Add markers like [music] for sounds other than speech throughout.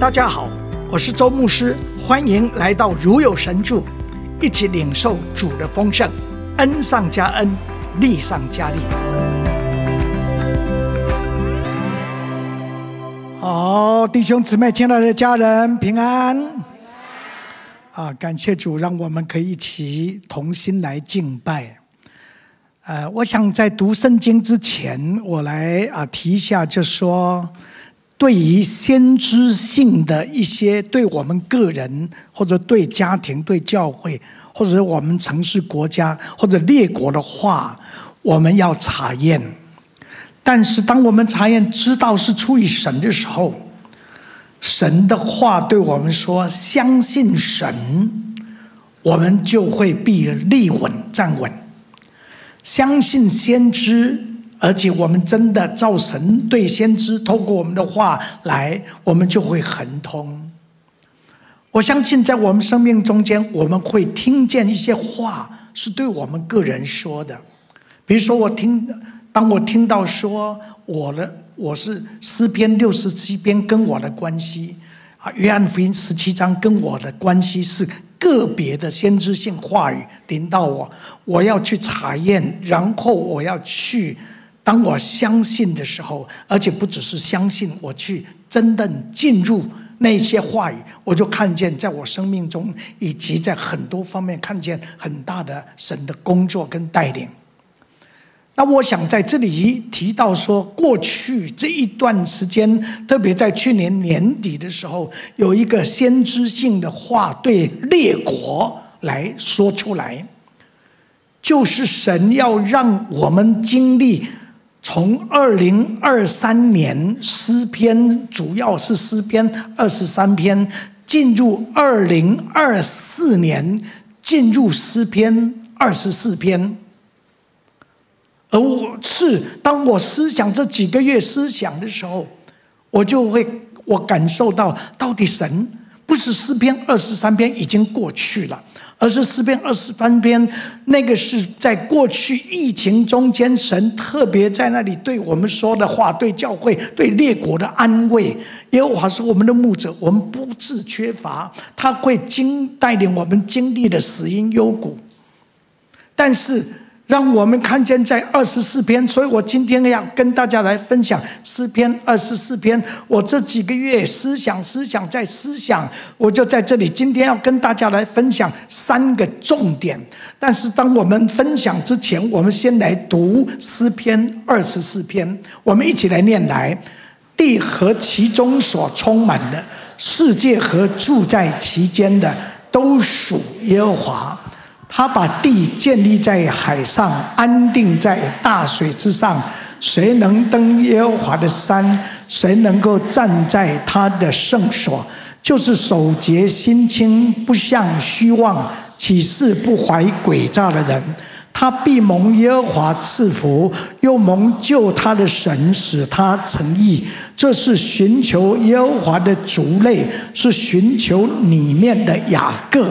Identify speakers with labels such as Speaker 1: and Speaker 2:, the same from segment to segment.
Speaker 1: 大家好，我是周牧師，歡迎來到如有神助，一起領受主的豐盛，恩上加恩，力上加力。好、哦，弟兄姊妹，親愛的家人，平安！平安啊，感謝主，讓我們可以一起同心來敬拜。呃，我想在讀聖經之前，我來啊提一下，就說。對於先知性的一些，對我們個人或者對家庭、對教會，或者我們城市、國家或者列國的話，我們要查驗。但是，當我們查驗知道是出於神的時候，神的話對我們說：“相信神，我們就會必立穩、站穩。”相信先知。而且我們真的照神對先知透過我們的話來，我們就會亨通。我相信在我們生命中間，我們會聽見一些話是對我們個人說的。比如說，我聽，當我聽到說我的我是詩篇六十七篇跟我的關係啊，約翰福音十七章跟我的關係是個別的先知性話語臨到我，我要去查驗，然後我要去。當我相信的時候，而且不只是相信，我去真的進入那些話語，我就看見在我生命中以及在很多方面看見很大的神的工作跟帶領。那我想在這裡提到說，過去這一段時間，特別在去年年底的時候，有一個先知性的話對列國來說出來，就是神要讓我們經歷。從二零二三年詩篇，主要是詩篇二十三篇，進入二零二四年，進入詩篇二十四篇。而我是當我思想這幾個月思想的時候，我就會我感受到，到底神不是詩篇二十三篇已經過去了。而是四篇二十三篇，那個是在過去疫情中間，神特別在那裡對我們說的話，對教會、對列國的安慰。耶和華是我們的牧者，我們不致缺乏。他會經帶領我們經歷的死蔭幽谷，但是。讓我們看見在二十四篇，所以我今天要跟大家來分享詩篇二十四篇。我這幾個月思想、思想再思想，我就在這裡。今天要跟大家來分享三個重點。但是當我們分享之前，我們先來讀詩篇二十四篇。我們一起來念來，地和其中所充滿的，世界和住在其間的，都屬耶和華。他把地建立在海上，安定在大水之上。誰能登耶和華的山？誰能夠站在他的聖所？就是手潔心清、不向虛妄、起誓不懷詭詐的人，他必蒙耶和華賜福，又蒙救他的神使他成義，這是尋求耶和華的族類，是尋求裡面的雅各。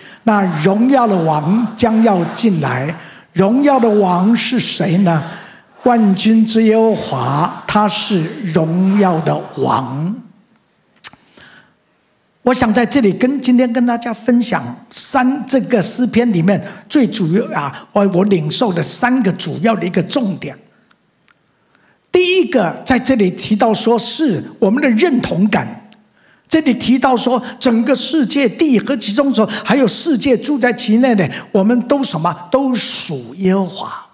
Speaker 1: 那榮耀的王將要進來，榮耀的王是誰呢？萬軍之耶和華，他是榮耀的王。我想在這裡跟今天跟大家分享三這個詩篇裡面最主要啊，我我領受的三個主要的一個重點。第一個在這裡提到說是我們的認同感。這裡提到說，整個世界地和其中所，還有世界住在其內的，我們都什麼？都屬耶和華。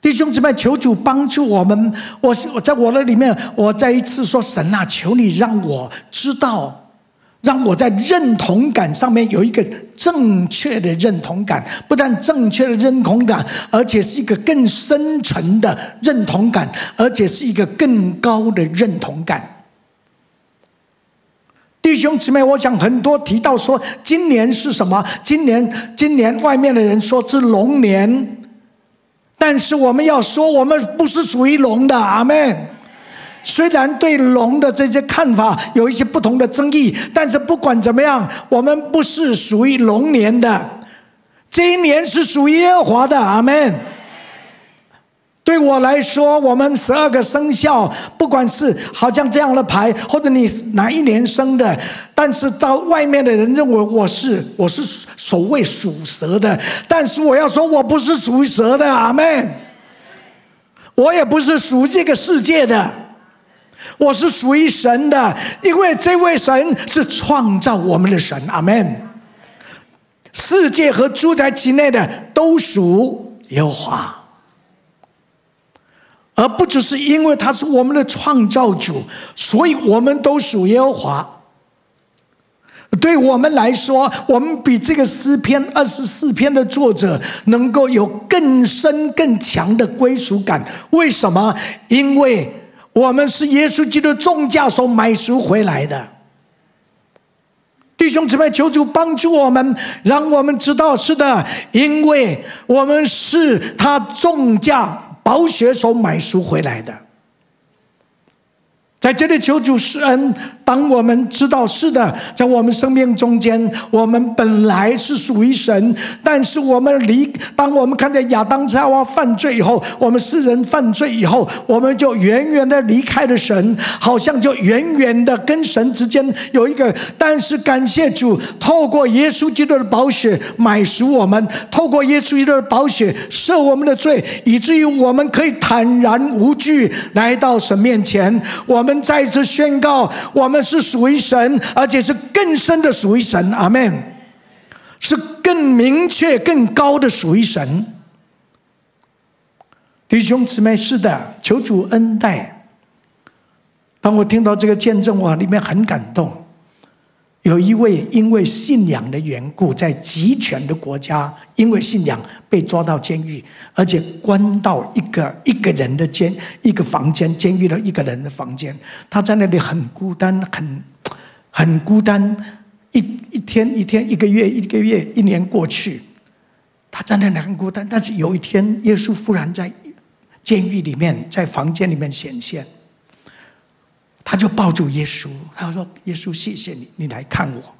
Speaker 1: 弟兄姊妹，求主幫助我們。我我在我的裡面，我再一次說：神啊，求你讓我知道，讓我在認同感上面有一個正確的認同感，不但正確的認同感，而且是一個更深層的認同感，而且是一個更高的認同感。弟兄姊妹，我想很多提到說，今年是什麼？今年，今年外面的人說是龍年，但是我們要說，我們不是屬於龍的。阿門。雖然對龍的這些看法有一些不同的爭議，但是不管怎麼樣，我們不是屬於龍年的。這一年是屬於耶和華的。阿門。對我來說，我們十二個生肖，不管是好像這樣的牌，或者你是哪一年生的，但是到外面的人認為我是我是所謂屬蛇的，但是我要說，我不是屬於蛇的，阿門。我也不是屬這個世界的，我是屬於神的，因為這位神是創造我們的神，阿門。世界和住在其內的都屬耶和華。而不只是因為他是我們的創造主，所以我們都屬耶和華。對我們來說，我們比這個詩篇二十四篇的作者能夠有更深更強的歸屬感。為什麼？因為我們是耶穌基督重價所買贖回來的。弟兄姊妹，求主幫助我們，讓我們知道，是的，因為我們是他重價寶血所買書回來的，在這裡求主施恩。當我們知道是的，在我們生命中間，我們本來是屬於神，但是我們離，當我們看見亞當夏娃犯罪以後，我們世人犯罪以後，我們就遠遠的離開了神，好像就遠遠的跟神之間有一個。但是感謝主，透過耶穌基督的寶血買贖我們，透過耶穌基督的寶血赦我們的罪，以至於我們可以坦然無懼來到神面前。我們再次宣告，我們。是屬於神，而且是更深的屬於神，阿門。是更明確、更高的屬於神。弟兄姊妹，是的，求主恩待。當我聽到這個見證，我裡面很感動。有一位因為信仰的緣故，在極權的國家，因為信仰被抓到監獄，而且關到一個一個人的監一個房間，監獄的一個人的房間。他在那裡很孤單，很很孤單。一一天，一天，一個月，一個月，一年過去，他在那裡很孤單。但是有一天，耶穌忽然在監獄裡面，在房間裡面顯現。他就抱住耶穌，他說：“耶穌，謝謝你，你來看我。”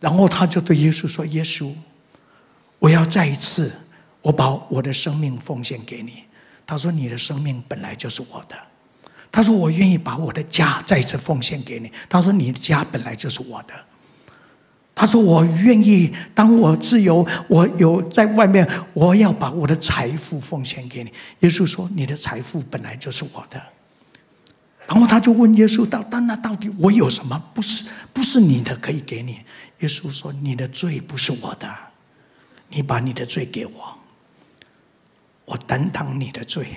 Speaker 1: 然後他就對耶穌說：“耶穌，我要再一次我把我的生命奉獻給你。”他說：“你的生命本來就是我的。”他說：“我願意把我的家再一次奉獻給你。”他說：“你的家本來就是我的。”他說：“我願意，當我自由，我有在外面，我要把我的財富奉獻給你。”耶穌說：“你的財富本來就是我的。”然後他就問耶穌道：“但那到底我有什麼不是不是你的可以給你？”耶穌說：“你的罪不是我的，你把你的罪給我，我擔當你的罪。”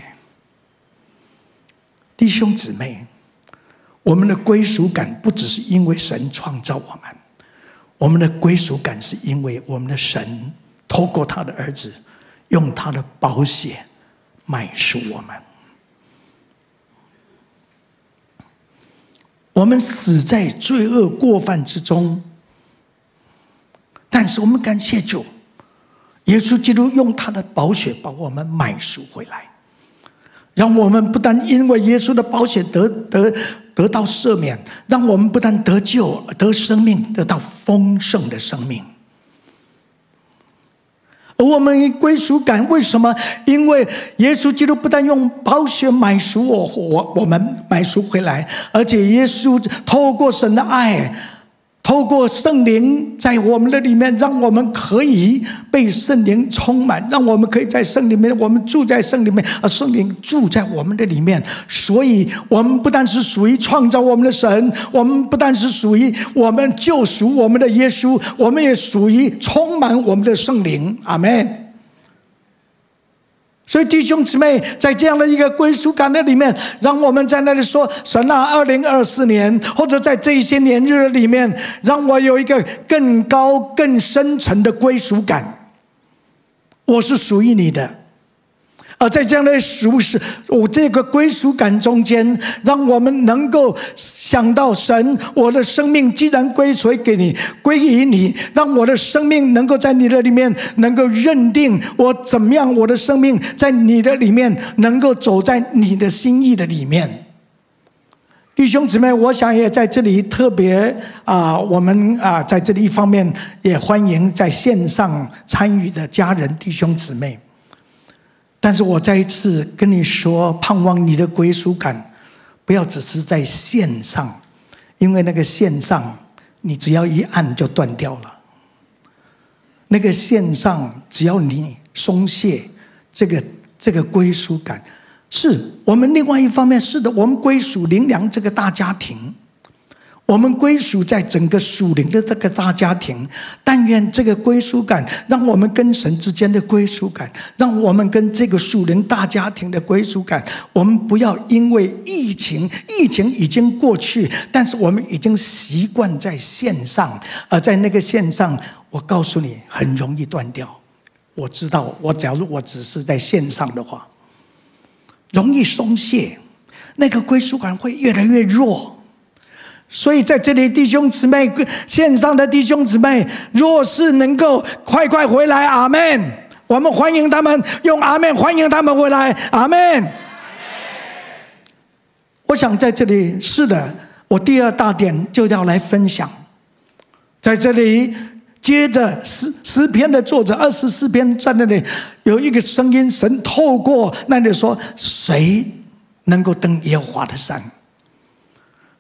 Speaker 1: 弟兄姊妹，我們的歸屬感不只是因為神創造我們，我們的歸屬感是因為我們的神透過他的兒子，用他的寶血買贖我們。我們死在罪惡過犯之中，但是我們感謝主，耶穌基督用他的寶血把我們買贖回來，讓我們不但因為耶穌的寶血得得得到赦免，讓我們不但得救，得生命，得到豐盛的生命。我們歸屬感為什麼？因為耶穌基督不但用寶血買贖我，我我們買贖回來，而且耶穌透過神的愛。透過聖靈，在我們的裡面，讓我們可以被聖靈充滿，讓我們可以在聖靈裡面，我們住在聖靈裡面，而聖靈住在我們的裡面。所以，我們不但是屬於創造我們的神，我們不但是屬於我們救贖我們的耶穌，我們也屬於充滿我們的聖靈。阿門。所以弟兄姊妹，在這樣的一個歸屬感的裡面，讓我們在那裡說神啊，二零二四年，或者在這一些年日裡面，讓我有一個更高更深層的歸屬感。我是屬於你的。而在這樣的屬屬我這個歸屬感中間，讓我們能夠想到神，我的生命既然歸隨給你，歸於你，讓我的生命能夠在你的裡面，能夠認定我怎麼樣，我的生命在你的裡面能夠走在你的心意的裡面。弟兄姊妹，我想也在這裡特別啊、呃，我們啊、呃、在這裡一方面也歡迎在線上參與的家人弟兄姊妹。但是我再一次跟你說，盼望你的歸屬感，不要只是在線上，因為那個線上，你只要一按就斷掉了。那個線上，只要你鬆懈，這個這個歸屬感，是我們另外一方面是的，我們歸屬靈糧這個大家庭。我們歸屬在整個屬靈的這個大家庭，但願這個歸屬感，讓我們跟神之間的歸屬感，讓我們跟這個屬靈大家庭的歸屬感，我們不要因為疫情，疫情已經過去，但是我們已經習慣在線上，而在那個線上，我告訴你，很容易斷掉。我知道，我假如我只是在線上的話，容易鬆懈，那個歸屬感會越來越弱。所以在這裡，弟兄姊妹，線上的弟兄姊妹，若是能夠快快回來，阿門！我們歡迎他們，用阿門歡迎他們回來，阿門。阿們。我想在這裡，是的，我第二大點就要來分享。在這裡，接着詩詩篇的作者二十四篇，在那裡有一個聲音，神透過那裡說：“誰能夠登耶和華的山？”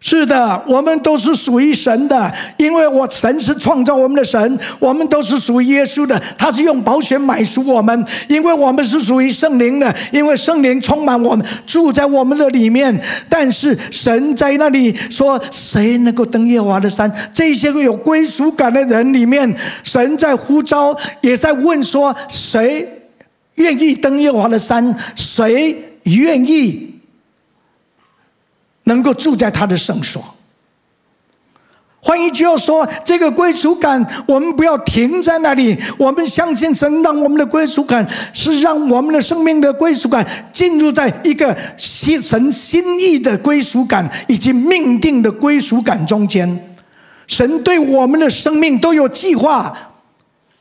Speaker 1: 是的，我們都是屬於神的，因為我神是創造我們的神，我們都是屬於耶穌的，他是用保險買贖我們，因為我們是屬於聖靈的，因為聖靈充滿我們，住在我們的裡面。但是神在那裡說，誰能夠登耶和華的山？這些個有歸屬感的人裡面，神在呼召，也在問說，誰願意登耶和華的山？誰願意？能夠住在他的聖所，換一句話說，這個歸屬感。我們不要停在那裡，我們相信神，讓我們的歸屬感是讓我們的生命的歸屬感進入在一個心，神心意的歸屬感以及命定的歸屬感中間。神對我們的生命都有計劃，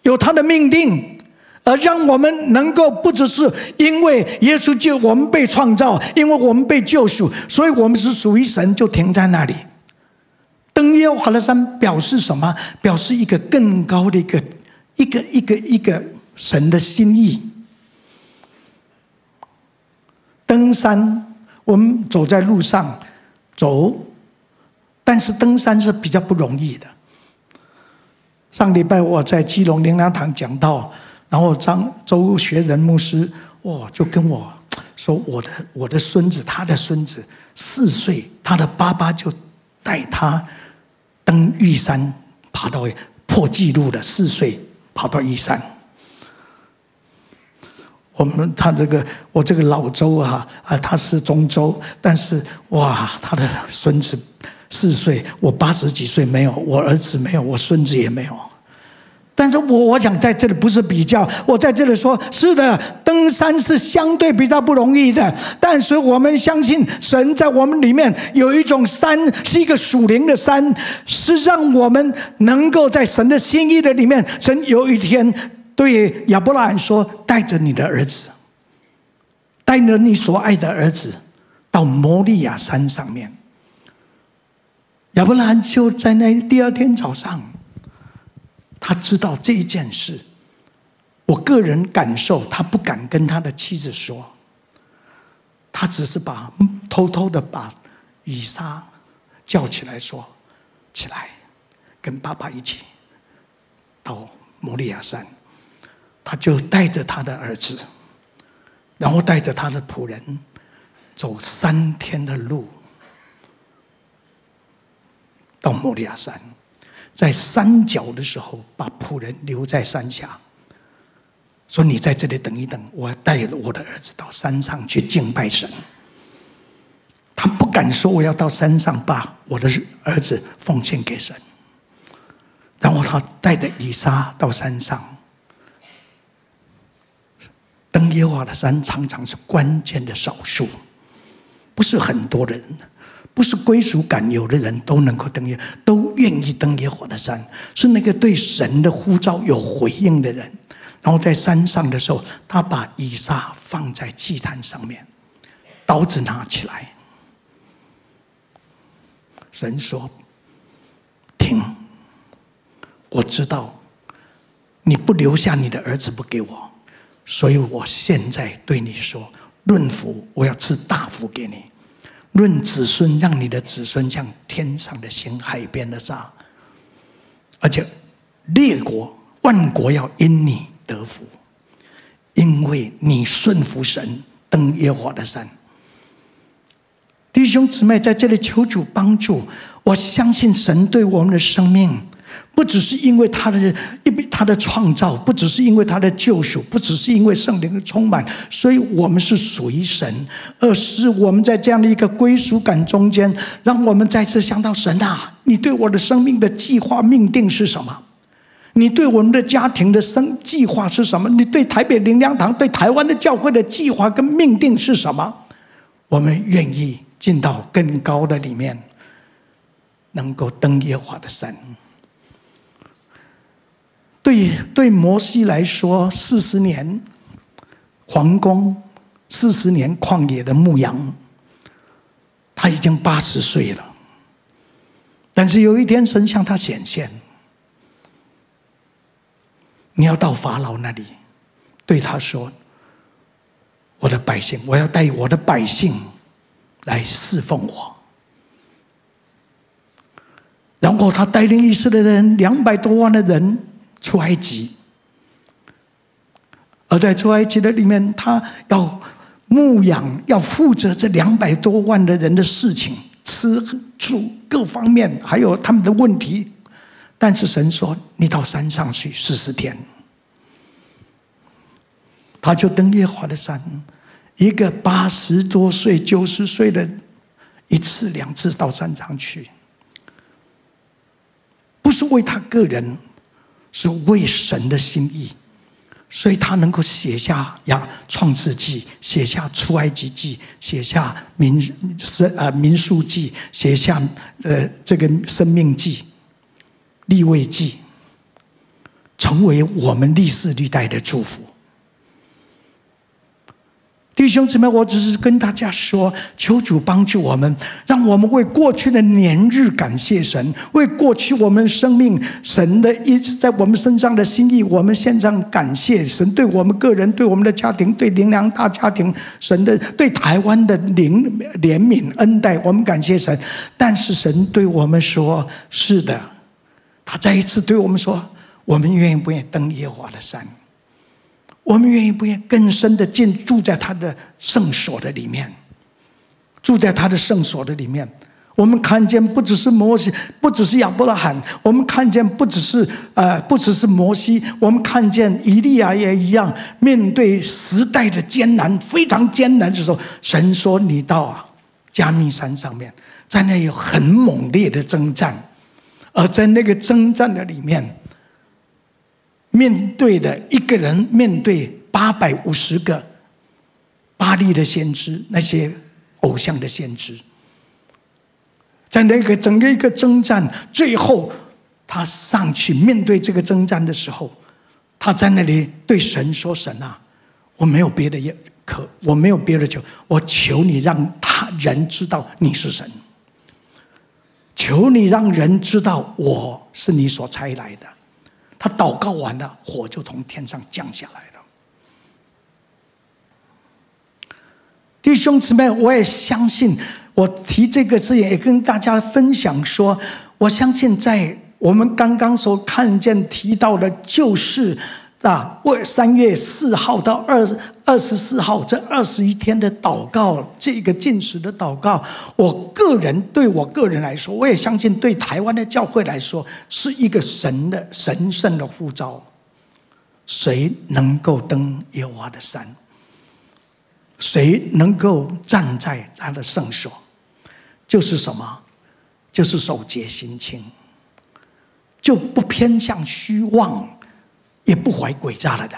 Speaker 1: 有他的命定。而讓我們能夠不只是因為耶穌救我們被創造，因為我們被救贖，所以我們是屬於神，就停在那裡。登耶和華的山，表示什麼？表示一個更高的一個一個一個一個神的心意。登山，我們走在路上，走，但是登山是比較不容易的。上禮拜我在基隆靈糧堂講到。然後張周學仁牧師，哦，就跟我說，我的我的孫子，他的孫子四歲，他的爸爸就帶他登玉山，爬到破紀錄的四歲，爬到玉山。我們他這個我這個老周啊，啊，他是中周，但是哇，他的孫子四歲，我八十幾歲沒有，我兒子沒有，我孫子也沒有。但是我我想在這裡不是比較，我在這裡說，是的，登山是相對比較不容易的。但是我們相信神在我們裡面有一種山，是一個屬靈的山，是讓我們能夠在神的心意的裡面，神有一天對亞伯拉罕說：“帶着你的兒子，帶着你所愛的兒子，到摩利亞山上面。”亞伯拉罕就在那第二天早上。他知道這一件事，我個人感受，他不敢跟他的妻子說，他只是把偷偷的把以撒叫起來說：“起來，跟爸爸一起到摩利亞山。”他就帶着他的兒子，然後帶着他的僕人，走三天的路到摩利亞山。在山腳的時候，把僕人留在山下，說：“你在這裡等一等，我要帶着我的兒子到山上去敬拜神。”他不敢說我要到山上把我的兒子奉獻給神。然後他帶着以撒到山上，登耶和華的山，常常是關鍵的少數，不是很多人。不是歸屬感，有的人都能夠登耶，都願意登耶和華的山，是那個對神的呼召有回應的人。然後在山上的時候，他把以撒放在祭壇上面，刀子拿起來。神說：“停，我知道，你不留下你的兒子不給我，所以我現在對你說，論福我要賜大福給你。”論子孫，讓你的子孫像天上的星、海邊的沙，而且列國、萬國要因你得福，因為你順服神，登耶和華的山。弟兄姊妹，在這裡求主幫助，我相信神對我們的生命。不只是因為他的，因為他的創造，不只是因為他的救贖，不只是因為聖靈的充滿，所以我們是屬於神，而是我們在這樣的一個歸屬感中間，讓我們再次想到神啊，你對我的生命的計劃命定是什麼？你對我們的家庭的生計劃是什麼？你對台北靈糧堂、對台灣的教會的計劃跟命定是什麼？我們願意進到更高的裡面，能夠登耶和華的山。對對，對摩西來說，四十年皇宮，四十年曠野的牧羊，他已經八十歲了。但是有一天，神向他顯現，你要到法老那裡，對他說：“我的百姓，我要帶我的百姓來侍奉我。”然後他帶領以色列人兩百多萬的人。出埃及，而在出埃及的裡面，他要牧養，要負責這兩百多萬的人的事情，吃住各方面，還有他們的問題。但是神說：“你到山上去四十天。”他就登耶和華的山，一個八十多歲、九十歲的，一次兩次到山上去，不是為他個人。是為神的心意，所以他能夠寫下《呀創世記，寫下《出埃及記》寫民呃民記，寫下《民、呃、生》啊《民數記》，寫下呃這個《申命記》、《利未記》，成為我們歷史歷代的祝福。弟兄姊妹，我只是跟大家說，求主幫助我們，讓我們為過去的年日感謝神，為過去我們生命神的一直在我們身上的心意，我們獻上感謝神，對我們個人、對我們的家庭、對靈糧大家庭，神的對台灣的憐憐憫恩待，我們感謝神。但是神對我們說：“是的，他再一次對我們說，我們願意不願意登耶和華的山？”我們願意不願意更深的進住在他的聖所的裡面，住在他的聖所的裡面。我們看見不只是摩西，不只是亞伯拉罕，我們看見不只是呃，不只是摩西，我們看見以利亞也一樣。面對時代的艱難，非常艱難的時候，神說：“你到啊，迦密山上面，在那有很猛烈的征戰。”而在那個征戰的裡面。面對的一個人，面對八百五十個巴力的先知，那些偶像的先知，在那個整個一個征戰，最後他上去面對這個征戰的時候，他在那裡對神說：“神啊，我沒有別的可，我沒有別的求，我求你讓他人知道你是神，求你讓人知道我是你所差來的。”他禱告完了，火就從天上降下來了。弟兄姊妹，我也相信，我提這個事也跟大家分享說，我相信在我們剛剛所看見提到的就是。那為三月四號到二二十四號這二十一天的禱告，這個禁食的禱告，我個人對我個人來說，我也相信對台灣的教會來說，是一個神的神聖的呼召。誰能夠登耶和華的山？誰能夠站在他的聖所？就是什麼？就是手潔心清，就不偏向虛妄，也不懷詭詐的人，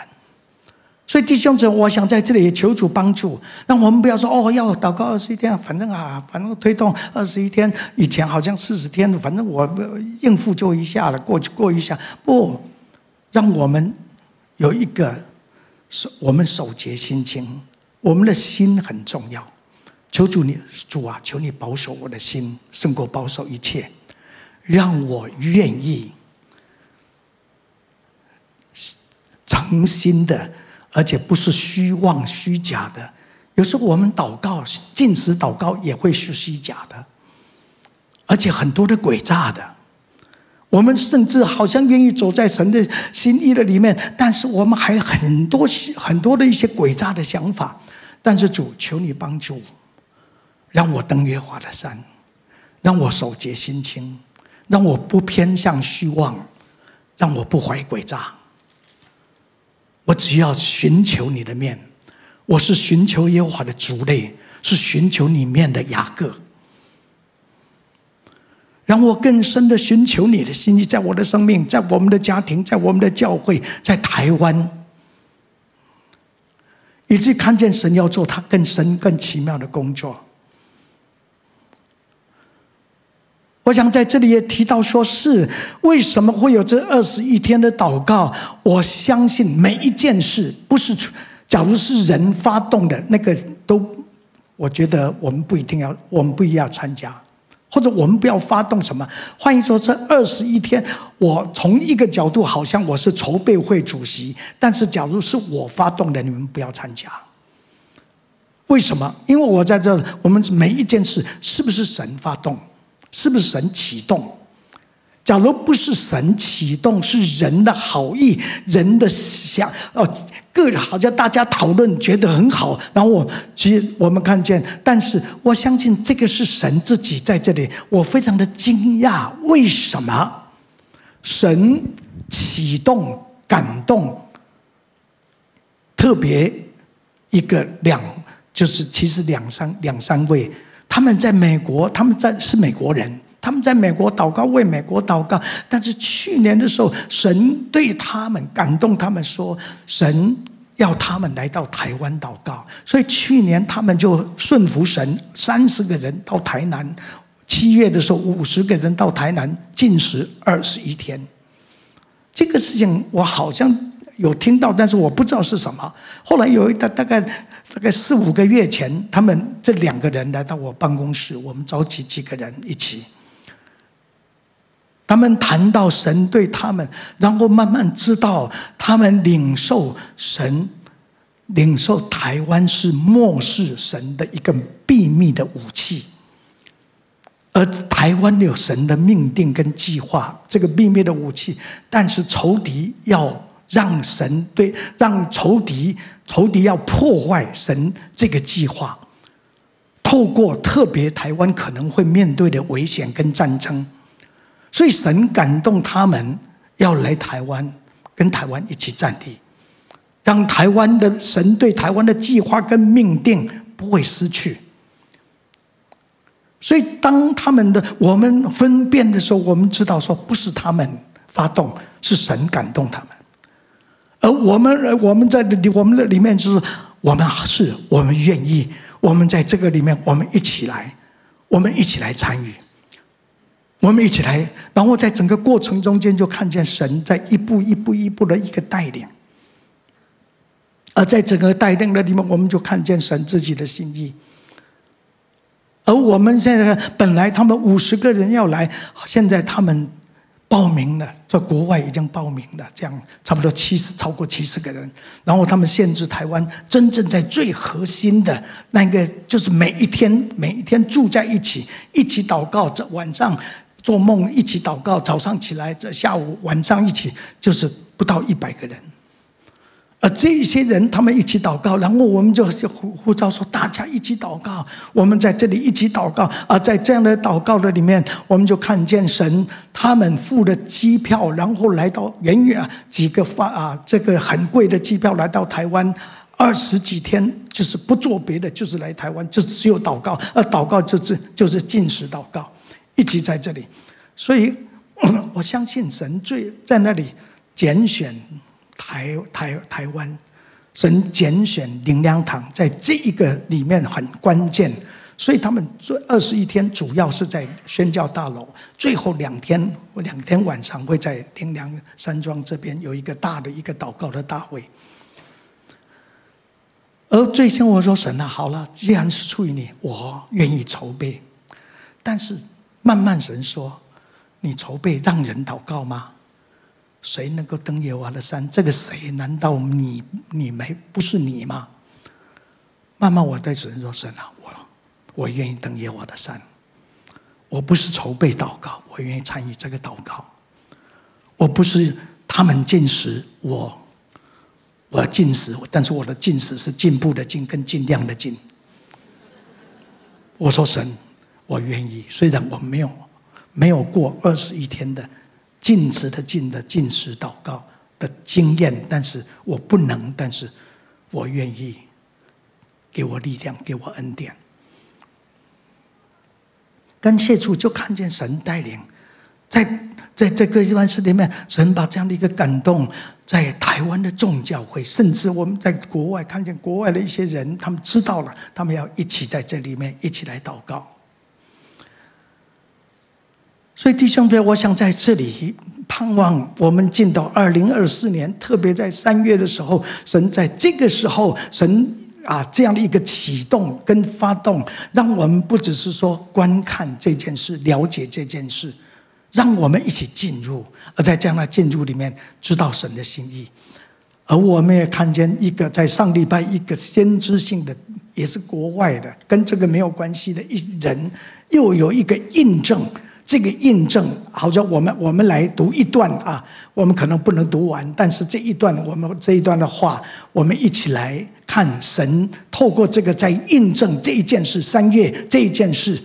Speaker 1: 所以弟兄姊妹，我想在這裡也求主幫助。讓我們不要說哦，要禱告二十一天，反正啊，反正推動二十一天以前好像四十天，反正我應付就一下了，過去過一下。不，讓我們有一個守，我們手潔心清，我們的心很重要。求主你主啊，求你保守我的心，勝過保守一切，讓我願意。平心的，而且不是虛妄虛假的。有時候我們禱告，禁食禱告也會是虛，虛假的，而且很多的詭詐的。我們甚至好像願意走在神的心意的裡面，但是我們還有很多很多的一些詭詐的想法。但是主，求你幫助，讓我登耶和華的山，讓我手潔心清，讓我不偏向虛妄，讓我不懷詭詐。我只要尋求你的面，我是尋求耶和華的族類，是尋求你面的雅各。讓我更深的尋求你的心意，在我的生命，在我們的家庭，在我們的教會，在台灣，以至看見神要做他更深、更奇妙的工作。我想在這裡也提到，說是為什麼會有這二十一天的禱告？我相信每一件事，不是假如是人發動的那個，都我覺得我們不一定要，我們不一定要參加，或者我們不要發動什麼。換言說，這二十一天，我從一個角度，好像我是籌備會主席，但是假如是我發動的，你們不要參加。為什麼？因為我在這，我們每一件事是不是神發動？是不是神啟動？假如不是神啟動，是人的好意，人的想哦，個人好像大家討論覺得很好，然後我其實我們看見，但是我相信這個是神自己在這裡，我非常的驚訝，為什麼神啟動感動，特別一個兩，就是其實兩三兩三位。他們在美國，他們在是美國人，他們在美國禱告，為美國禱告。但是去年的時候，神對他們感動，他們說神要他們來到台灣禱告，所以去年他們就順服神，三十個人到台南，七月的時候五十個人到台南禁食二十一天。這個事情我好像。有聽到，但是我不知道是什麼。後來有一大大概大概四五個月前，他們這兩個人來到我辦公室，我們召集幾，幾個人一起。他們談到神對他們，然後慢慢知道他們領受神，領受台灣是末世神的一個秘密的武器，而台灣有神的命定跟計劃，這個秘密的武器，但是仇敵要。讓神對讓仇敵仇敵要破壞神這個計劃，透過特別台灣可能會面對的危險跟戰爭，所以神感動他們要來台灣跟台灣一起戰敵，讓台灣的神對台灣的計劃跟命定不會失去。所以當他們的我們分辨的時候，我們知道說不是他們發動，是神感動他們。而我們，我們在這裡，我們的裡面就是我們是，我們願意，我們在這個裡面，我們一起來，我們一起來參與，我們一起來。然後在整個過程中間，就看見神在一步一步一步的一個帶領。而在整個帶領的地方，我們就看見神自己的心意。而我們現在本來他們五十個人要來，現在他們。報名了，在國外已經報名了，這樣差不多七十，超過七十個人。然後他們限制台灣，真正在最核心的那個，就是每一天每一天住在一起，一起禱告，這晚上做夢一起禱告，早上起來這下午晚上一起，就是不到一百個人。而這一些人，他們一起禱告，然後我們就呼呼召說：“大家一起禱告。”我們在這裡一起禱告。而在這樣的禱告的裡面，我們就看見神。他們付了機票，然後來到遠遠幾個發啊，這個很貴的機票來到台灣二十幾天，就是不做別的，就是來台灣就是，只有禱告。而禱告就是就是禁食禱告，一起在這裡，所以我相信神最在那裡揀選。台台台灣，神揀選靈糧堂，在這一個裡面很關鍵，所以他們這二十一天主要是在宣教大樓，最後兩天我兩天晚上會在靈糧山莊這邊有一個大的一個禱告的大會。而最近我說神啊，好了，既然是出於你，我願意籌備，但是慢慢神說，你籌備讓人禱告嗎？誰能夠登耶和華的山？這個誰？難道你你沒不是你嗎？慢慢我對神說：“神啊，我我願意登耶和華的山。我不是籌備禱告，我願意參與這個禱告。我不是他們進食，我我要進食。但是我的進食是進步的進，跟盡量的進。我說神，我願意。雖然我沒有沒有過二十一天的。”禁食的禁的禁食禱告的經驗，但是我不能，但是我願意，給我力量，給我恩典。感謝主，就看見神帶領，在在這個一段時間裡面，神把這樣的一個感動，在台灣的眾教會，甚至我們在國外看見國外的一些人，他們知道了，他們要一起在這裡面一起來禱告。所以弟兄們，我想在這裡盼望我們進到二零二四年，特別在三月的時候，神在這個時候，神啊，這樣的一個啟動跟發動，讓我們不只是說觀看這件事、了解這件事，讓我們一起進入，而在將來進入裡面知道神的心意。而我們也看見一個在上禮拜一個先知性的，也是國外的，跟這個沒有關係的一人，又有一個印證。這個印證，好像我們我們來讀一段啊，我們可能不能讀完，但是這一段我們這一段的話，我們一起來看神透過這個在印證這一件事，三月這一件事，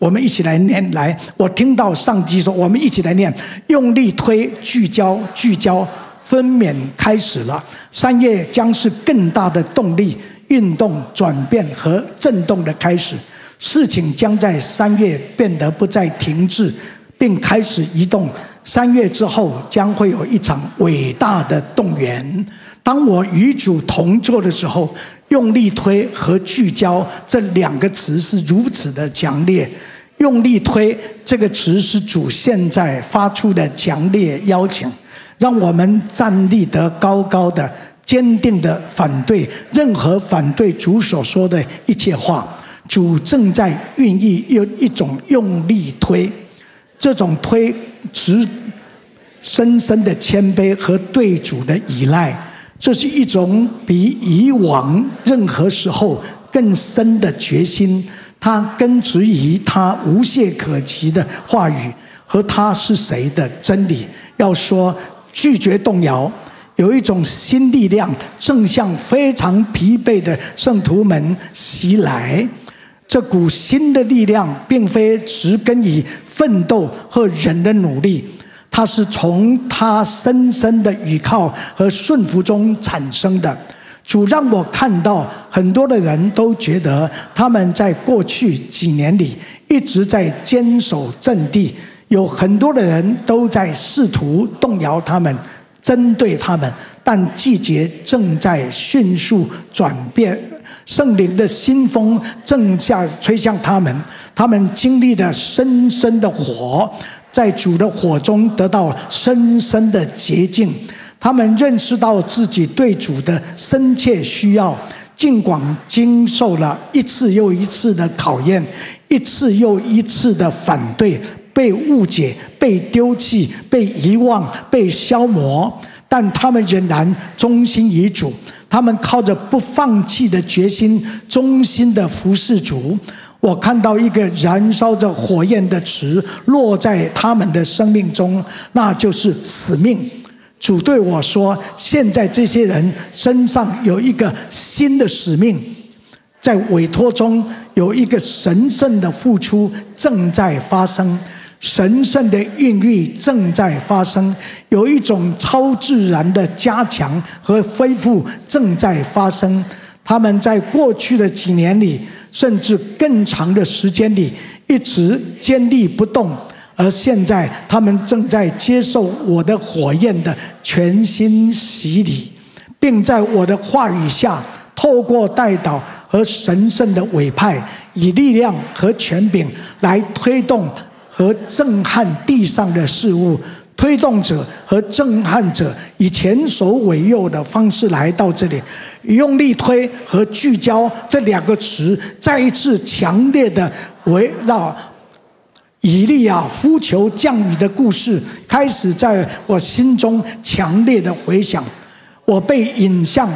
Speaker 1: 我們一起來念來，我聽到上帝說，我們一起來念，用力推，聚焦聚焦，分娩開始了，三月將是更大的動力、運動、轉變和震動的開始。事情將在三月變得不再停滯，並開始移動。三月之後將會有一場偉大的動員。當我與主同坐的時候，用力推和聚焦這兩個詞是如此的強烈。用力推這個詞是主現在發出的強烈邀請，讓我們站立得高高的，堅定的反對任何反對主所說的一切話。主正在孕育，有一種用力推。這種推，持深深的謙卑和對主的依賴，這是一種比以往任何時候更深的決心。它根植於他無懈可擊的話語和他是誰的真理。要說拒絕動搖，有一種新力量正向非常疲憊的聖徒們襲來。這股新的力量，並非植根於奮鬥和人的努力，它是從他深深的倚靠和順服中產生的。主讓我看到很多的人都覺得他們在過去幾年裡一直在堅守陣地，有很多的人都在試圖動搖他們、針對他們，但季節正在迅速轉變。聖靈的新風正向吹向他們，他們經歷了深深的火，在主的火中得到深深的潔淨，他們認識到自己對主的深切需要，儘管經受了一次又一次的考驗，一次又一次的反對，被誤解、被丟棄、被遺忘、被消磨，但他們仍然忠心於主。他們靠着不放棄的決心，忠心的服侍主。我看到一個燃燒着火焰的詞落在他們的生命中，那就是使命。主對我說：“現在這些人身上有一個新的使命，在委托中有一個神聖的付出正在發生。”神聖的孕育正在發生，有一種超自然的加強和恢復正在發生。他們在過去的幾年裡，甚至更長的時間裡，一直堅立不動，而現在他們正在接受我的火焰的全新洗禮，並在我的話語下，透過帶導和神聖的委派，以力量和權柄來推動。和震撼地上的事物，推動者和震撼者以前所未有的方式來到這裡，用力推和聚焦這兩個詞再一次強烈的圍繞以利亞呼求降雨的故事開始在我心中強烈的回響，我被引向，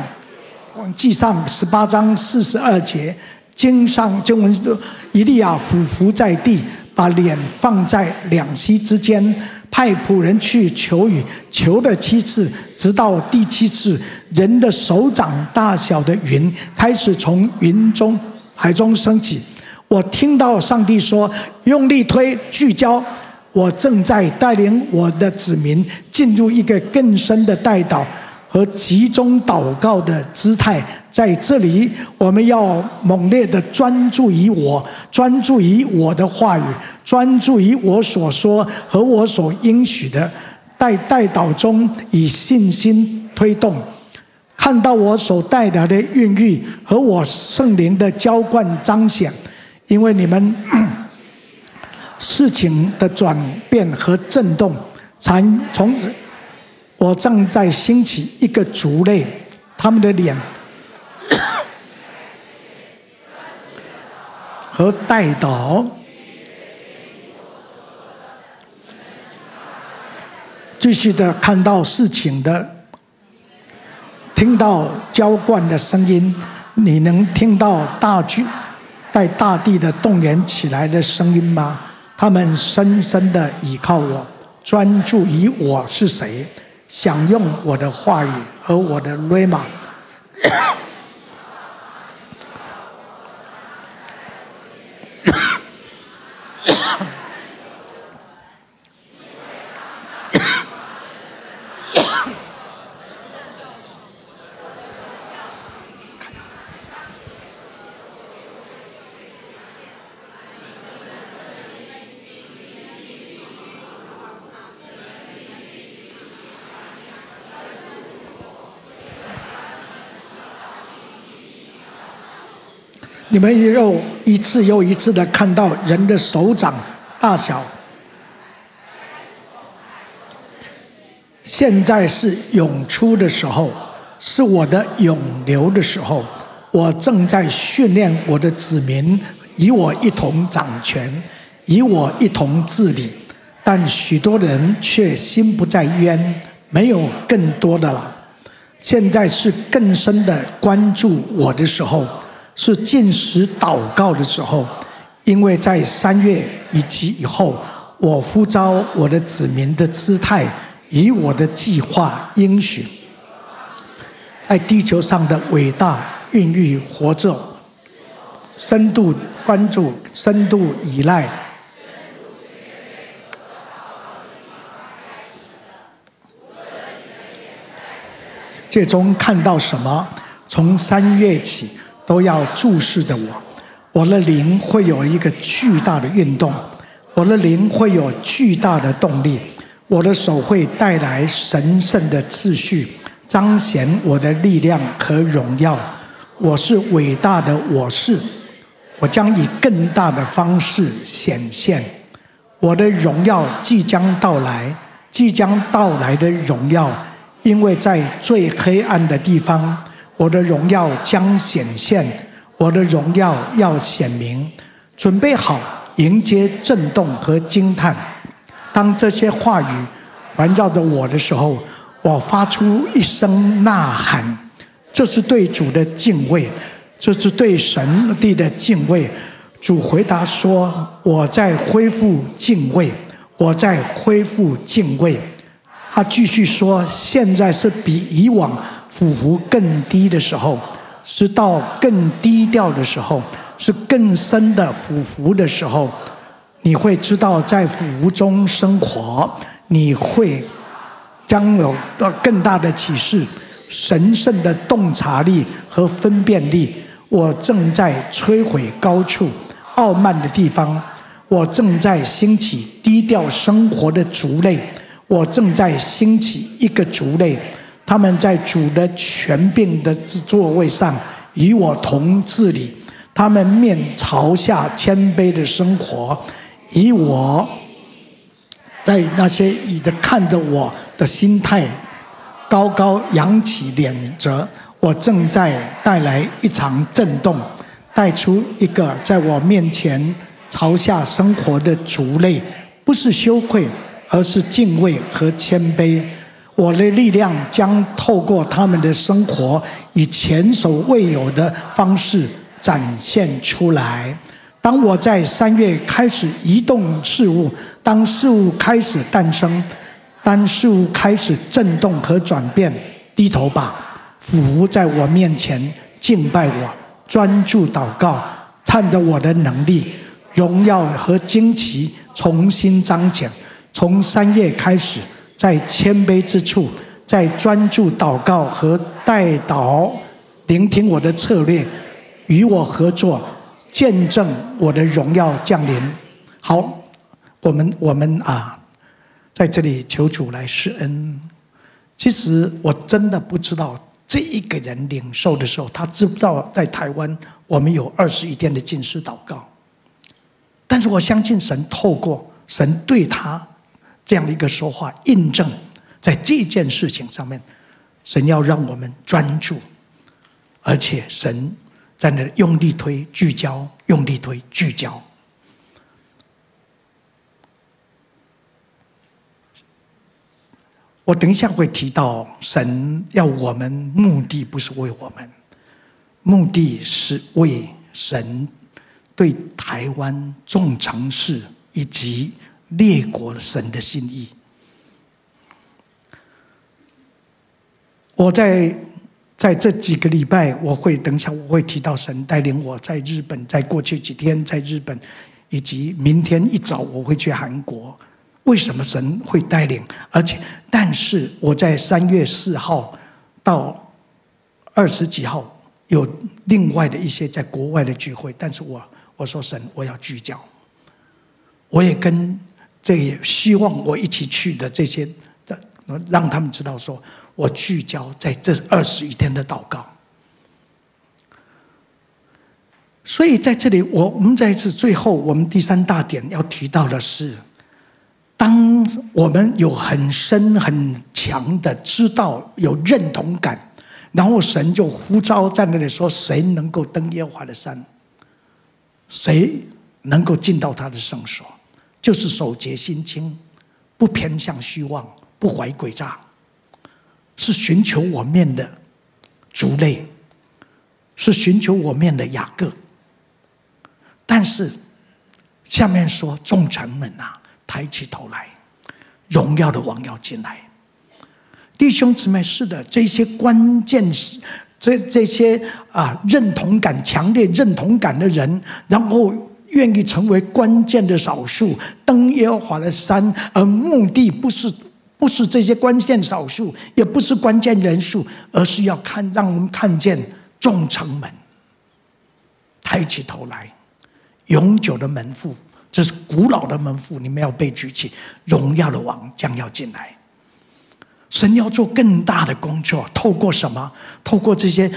Speaker 1: 記上十八章四十二節，經上經文說以利亞伏伏在地。把臉放在兩膝之間，派僕人去求雨，求了七次，直到第七次，人的手掌大小的雲開始從雲中、海中升起。我聽到上帝說：“用力推，聚焦，我正在帶領我的子民進入一個更深的代禱。”和集中禱告的姿態，在這裡，我們要猛烈地專注於我，專注於我的話語，專注於我所說和我所應許的。在代禱中，以信心推動，看到我所帶來的孕育和我聖靈的澆灌彰顯。因為你們事情的轉變和震動，才從。我正在興起一個族類，他們的臉和帶導。繼續的看到事情的，聽到澆灌的聲音，你能聽到大舉帶大地的動員起來的聲音嗎？他們深深的倚靠我，專注於我是誰。享用我的話語和我的瑞瑪。 [coughs] 你們又一次又一次的看到人的手掌大小。現在是湧出的時候，是我的湧流的時候。我正在訓練我的子民，與我一同掌權，與我一同治理。但許多人卻心不在焉，沒有更多的了。現在是更深的關注我的時候。是禁食禱告的時候，因為在三月以及以後，我呼召我的子民的姿態，以我的計劃應許，在地球上的偉大孕育活着，深度關注，深度依賴，最終看到什麼？從三月起，都要注視着我，我的靈會有一個巨大的運動，我的靈會有巨大的動力，我的手會帶來神聖的秩序，彰顯我的力量和榮耀。我是偉大的，我是，我將以更大的方式顯現，我的榮耀即將到來，即將到來的榮耀，因為在最黑暗的地方。我的榮耀將顯現，我的榮耀要顯明，準備好迎接震動和驚嘆。當這些話語環繞着我的時候，我發出一聲吶喊，這是對主的敬畏，這是對神的敬畏。主回答說：“我在恢復敬畏，我在恢復敬畏。”他繼續說：“現在是比以往。”俯伏更低的時候，是到更低調的時候，是更深的俯伏的時候，你會知道在俯伏中生活，你會將有更大的啟示，神聖的洞察力和分辨力。我正在摧毀高處傲慢的地方，我正在興起低調生活的族類，我正在興起一個族類。他們在主的權柄的座位上與我同治理，他們面朝下謙卑的生活，以我在那些椅子看着我的心態，高高揚起臉着，我正在帶來一場震動，帶出一個在我面前朝下生活的族類，不是羞愧，而是敬畏和謙卑。我的力量將透過他們的生活，以前所未有的方式展現出來。當我在三月開始移動事物，當事物開始誕生，當事物開始震動和轉變，低頭吧，俯伏在我面前，敬拜我，專注禱告，看着我的能力、榮耀和驚奇重新彰顯。從三月開始。在謙卑之處，在專注禱告和代禱，聆聽我的策略，與我合作，見證我的榮耀降臨。好，我們我們啊，在這裡求主來施恩。其實我真的不知道這一個人領受的時候，他知不知道在台灣我們有二十一天的禁食禱告，但是我相信神透過神對他。這樣的一個說話印證，在這件事情上面，神要讓我們專注，而且神在那用力推聚焦，用力推聚焦。我等一下會提到，神要我們目的不是為我們，目的是為神對台灣眾城市以及。列國神的心意。我在在這幾個禮拜，我會等一下我會提到神帶領我在日本，在過去幾天在日本，以及明天一早我會去韓國。為什麼神會帶領？而且，但是我在三月四號到二十幾號有另外的一些在國外的聚會，但是我我說神我要聚焦，我也跟。這也希望我一起去的這些的，讓他們知道說，我聚焦在這二十一天的禱告。所以在這裡，我我們再一次，最後，我們第三大點要提到的是，當我們有很深很強的知道，有認同感，然後神就呼召在那裡說，誰能夠登耶和華的山，誰能夠進到他的聖所？就是手潔心清，不偏向虛妄，不懷詭詐，是尋求我面的族類，是尋求我面的雅各。但是下面說，眾城門啊，抬起頭來，榮耀的王要進來，弟兄姊妹，是的，這些關鍵是，這這些啊，認同感強烈、認同感的人，然後。願意成為關鍵的少數，登耶和華的山，而目的不是不是這些關鍵少數，也不是關鍵人數，而是要看讓我們看見眾城門，抬起頭來，永久的門戶，這是古老的門戶，你們要被舉起，榮耀的王將要進來，神要做更大的工作，透過什麼？透過這些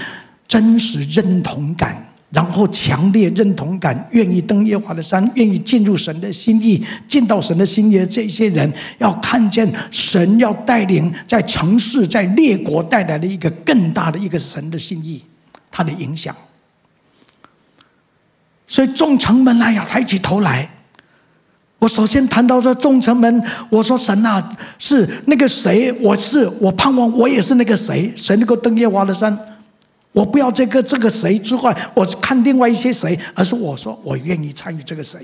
Speaker 1: 真實認同感。然後強烈認同感，願意登耶和華的山，願意進入神的心意，進到神的心意的這些人要看見神要帶領在城市、在列國帶來的一個更大的一個神的心意，他的影響。所以眾城門來要抬起頭來。我首先談到這眾城門，我說神啊，是那個誰？我是我盼望我也是那個誰？誰能夠登耶和華的山？我不要這個這個誰之外，我是看另外一些誰，而是我說我願意參與這個誰。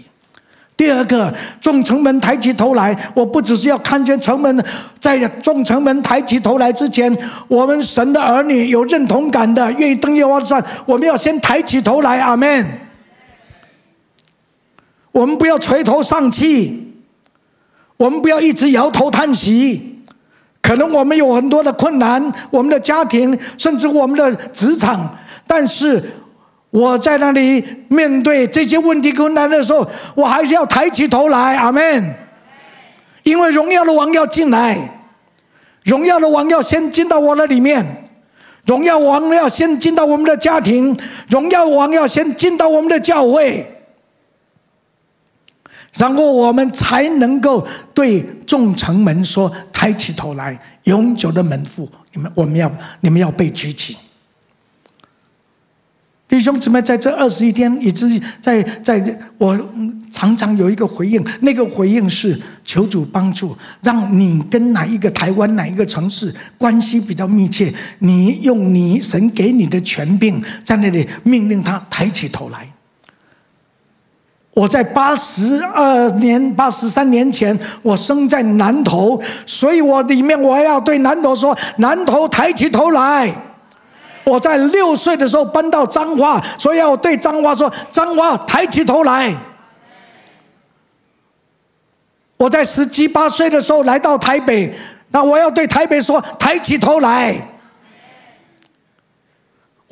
Speaker 1: 第二個，眾城門抬起頭來，我不只是要看見城門，在眾城門抬起頭來之前，我們神的兒女有認同感的，願意登耶和華的山，我們要先抬起頭來，阿門。我們不要垂頭喪氣，我們不要一直搖頭嘆息。可能我們有很多的困難，我們的家庭，甚至我們的職場，但是我在那裡面對這些問題困難的時候，我還是要抬起頭來，阿門。因為榮耀的王要進來，榮耀的王要先進到我的裡面，榮耀王要先進到我們的家庭，榮耀王要先進到我們的教會。然後我們才能夠對眾城門說：“抬起頭來，永久的門戶，你們我們要你們要被舉起。”弟兄姊妹，在這二十一天，一直在在我常常有一個回應，那個回應是求主幫助，讓你跟哪一個台灣哪一個城市關係比較密切，你用你神給你的權柄，在那裡命令他抬起頭來。我在八十二年、八十三年前，我生在南投，所以我裡面我要對南投說：“南投，抬起頭來。對”我在六歲的時候搬到彰化，所以要對彰化說：“彰化，抬起頭來。對”我在十七八歲的時候來到台北，那我要對台北說：“抬起頭來。”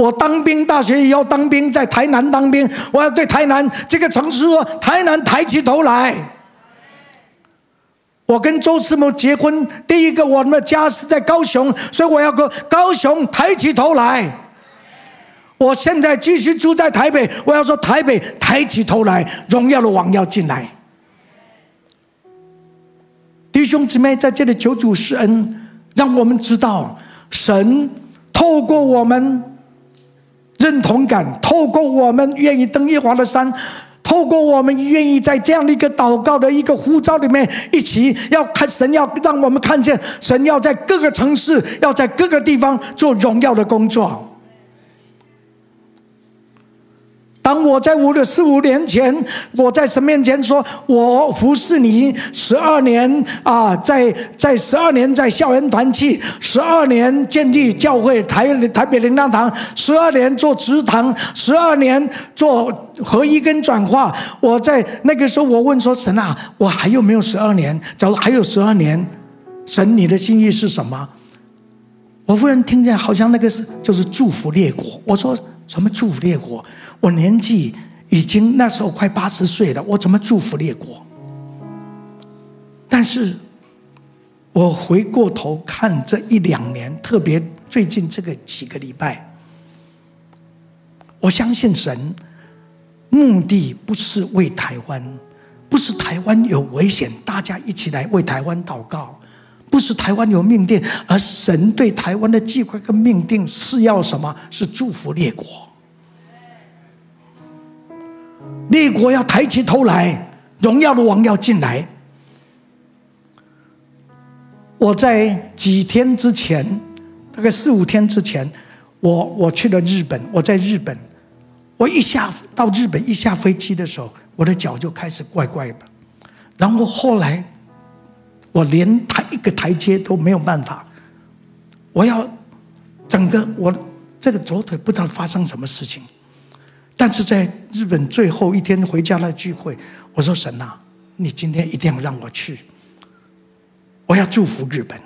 Speaker 1: 我當兵，大學也要當兵，在台南當兵。我要對台南這個城市說：“台南，抬起頭來！”我跟周志謀結婚，第一個，我們的家是在高雄，所以我要跟高雄抬起頭來。我現在繼續住在台北，我要說：“台北，抬起頭來！”榮耀的王要進來。弟兄姊妹在這裡求主施恩，讓我們知道神透過我們。認同感，透過我們願意登耶華的山，透過我們願意在這樣的一個禱告的一個呼召裡面，一起要看神，要讓我們看見神要在各個城市，要在各個地方做榮耀的工作。當我在五六四五年前，我在神面前說：“我服侍你十二年啊，在在十二年在校園團契，十二年建立教會台台北靈糧堂，十二年做植堂，十二年做合一跟轉化。”我在那個時候，我問說：“神啊，我還有沒有十二年？假如還有十二年，神你的心意是什麼？”我忽然聽見好像那個是就是祝福列國。我說：“什麼祝福列國？”我年紀已經那時候快八十歲了，我怎麼祝福列國？但是，我回過頭看這一兩年，特別最近這個幾個禮拜，我相信神，目的不是為台灣，不是台灣有危險，大家一起來為台灣禱告；不是台灣有命定，而神對台灣的計劃跟命定是要什麼？是祝福列國。列國要抬起頭來，榮耀的王要進來。我在幾天之前，大概四五天之前，我我去了日本。我在日本，我一下到日本一下飛機的時候，我的腳就開始怪怪的。然後後來，我連抬一個台階都沒有辦法。我要整個我這個左腿不知道發生什麼事情。但是在日本最後一天回家的聚會，我說：“神吶、啊，你今天一定要讓我去，我要祝福日本。”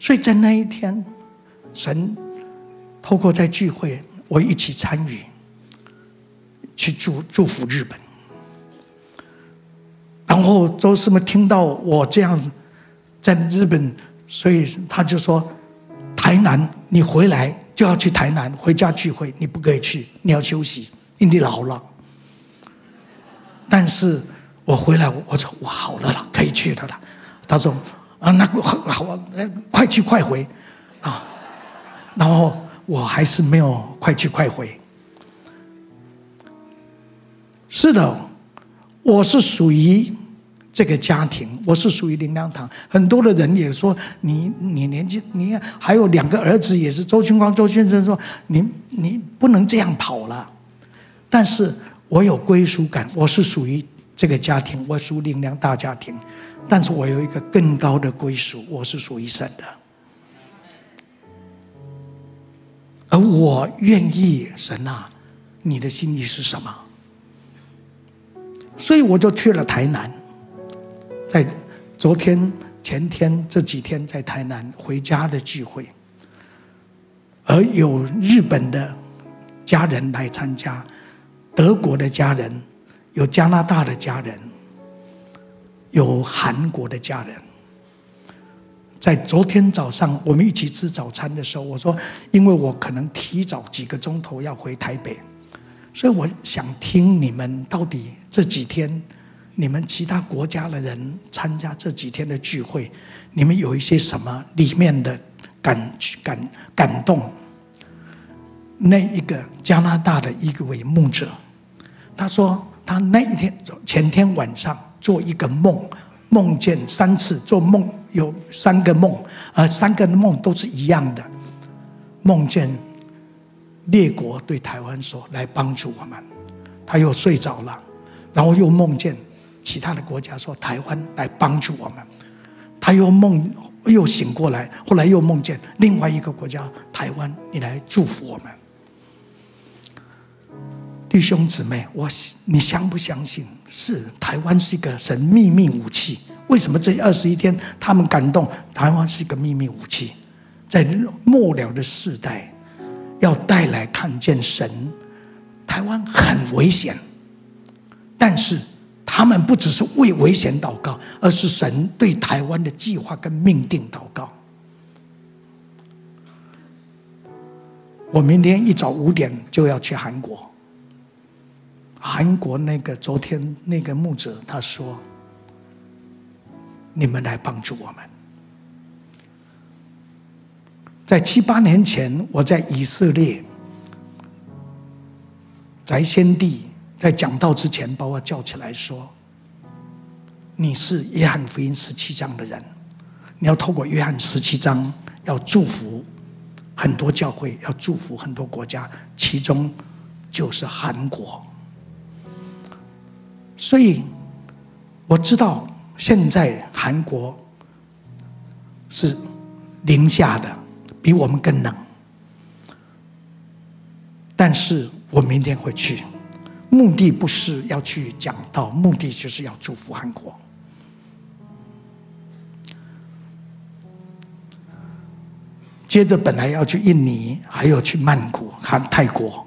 Speaker 1: 所以在那一天，神透過在聚會，我一起參與去祝祝福日本。然後周師母聽到我這樣子在日本，所以他就說：“台南，你回來。”就要去台南回家聚會，你不可以去，你要休息，因為你老了。但是，我回來，我說我好了啦，可以去的了啦。他說：“啊，那我快去快回，啊。”然後我還是沒有快去快回。是的，我是屬於。這個家庭，我是屬於靈糧堂。很多的人也說你，你年紀，你還有兩個兒子，也是周清光、周先生說你，你不能這樣跑了。但是我有歸屬感，我是屬於這個家庭，我屬靈糧大家庭。但是我有一個更高的歸屬，我是屬於神的。而我願意神啊，你的心意是什麼？所以我就去了台南。在昨天、前天這幾天，在台南回家的聚會，而有日本的家人來參加，德國的家人，有加拿大的家人，有韓國的家人。在昨天早上我們一起吃早餐的時候，我說，因為我可能提早幾個鐘頭要回台北，所以我想聽你們到底這幾天。你們其他國家的人參加這幾天的聚會，你們有一些什麼裡面的感感感動？那一個加拿大的一位牧者，他說他那一天前天晚上做一個夢，夢見三次，做夢有三個夢，而三個夢都是一樣的，夢見列國對台灣說來幫助我們，他又睡着了，然後又夢見。其他的國家說：“台灣來幫助我們。”他又夢，又醒過來。後來又夢見另外一個國家——台灣，你來祝福我們，弟兄姊妹，我你相不相信？是台灣是一個神秘密武器。為什麼這二十一天他們感動？台灣是一個秘密武器，在末了的世代要帶來看見神。台灣很危險，但是。他們不只是為危險禱告，而是神對台灣的計劃跟命定禱告。我明天一早五點就要去韓國。韓國那個昨天那個牧者他說：“你們來幫助我們。”在七八年前，我在以色列，在先帝。在講道之前，把我叫起來說：“你是約翰福音十七章的人，你要透過約翰十七章，要祝福很多教會，要祝福很多國家，其中就是韓國。”所以我知道現在韓國是零下的，比我們更冷，但是我明天會去。目的不是要去講道，目的就是要祝福韓國。接着本來要去印尼，還有去曼谷、和泰國，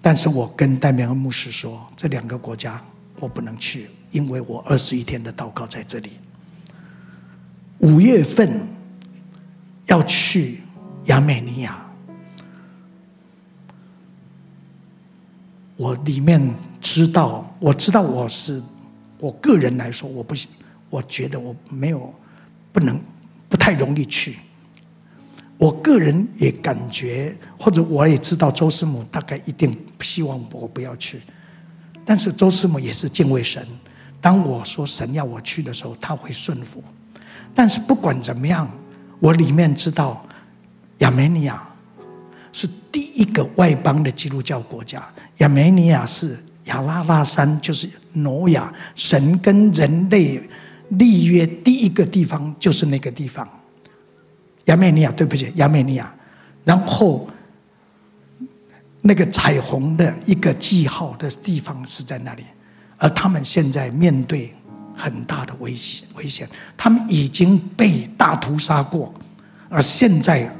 Speaker 1: 但是我跟戴明恩牧師說，這兩個國家我不能去，因為我二十一天的禱告在這裡。五月份要去亞美尼亞。我裡面知道，我知道我是我個人來說，我不，我覺得我沒有不能不太容易去。我個人也感覺，或者我也知道周師母大概一定希望我不要去。但是周師母也是敬畏神，當我說神要我去的時候，她會順服。但是不管怎麼樣，我裡面知道亞美尼亞。是第一個外邦的基督教國家，亞美尼亞是亞拉拉山，就是挪亞神跟人類立約第一個地方就是那個地方。亞美尼亞，對不起，亞美尼亞。然後，那個彩虹的一個記號的地方是在那裡，而他們現在面對很大的危險危險，他們已經被大屠殺過，而現在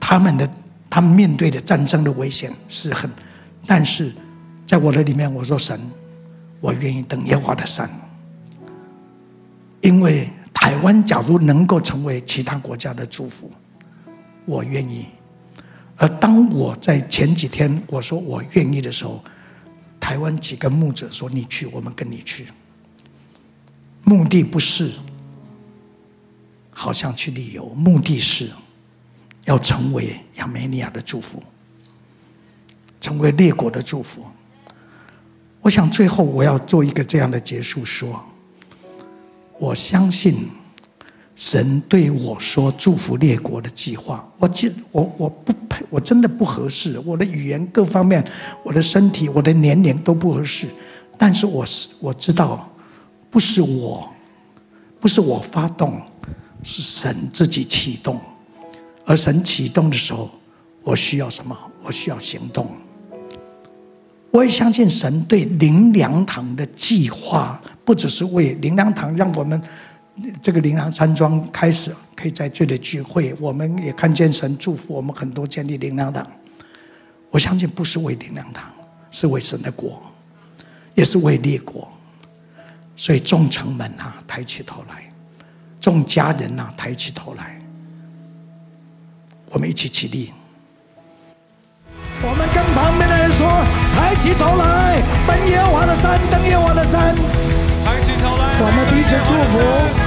Speaker 1: 他們的。他們面對的戰爭的危險是很，但是，在我的裡面，我說神，我願意登耶和華的山，因為台灣假如能夠成為其他國家的祝福，我願意。而當我在前幾天我說我願意的時候，台灣幾個牧者說你去，我們跟你去。目的不是，好像去旅遊，目的是。要成為亞美尼亞的祝福，成為列國的祝福。我想最後我要做一個這樣的結束，說我相信神對我說，祝福列國的計劃我。我真我我不配，我真的不合適，我的語言各方面，我的身體，我的年齡都不合適。但是我是我知道，不是我，不是我發動，是神自己啟動。而神啟動的時候，我需要什麼？我需要行動。我也相信神對靈糧堂的計劃，不只是為靈糧堂，讓我們這個靈糧山莊開始可以在這裡聚會。我們也看見神祝福我們很多建立靈糧堂。我相信不是為靈糧堂，是為神的國，也是為列國。所以眾城門啊，抬起頭來；眾家人吶、啊，抬起頭來。我們一起起立。我們跟旁邊的人說：“抬起頭來，奔耶和華的山，登耶和華的山。”我們彼此祝福。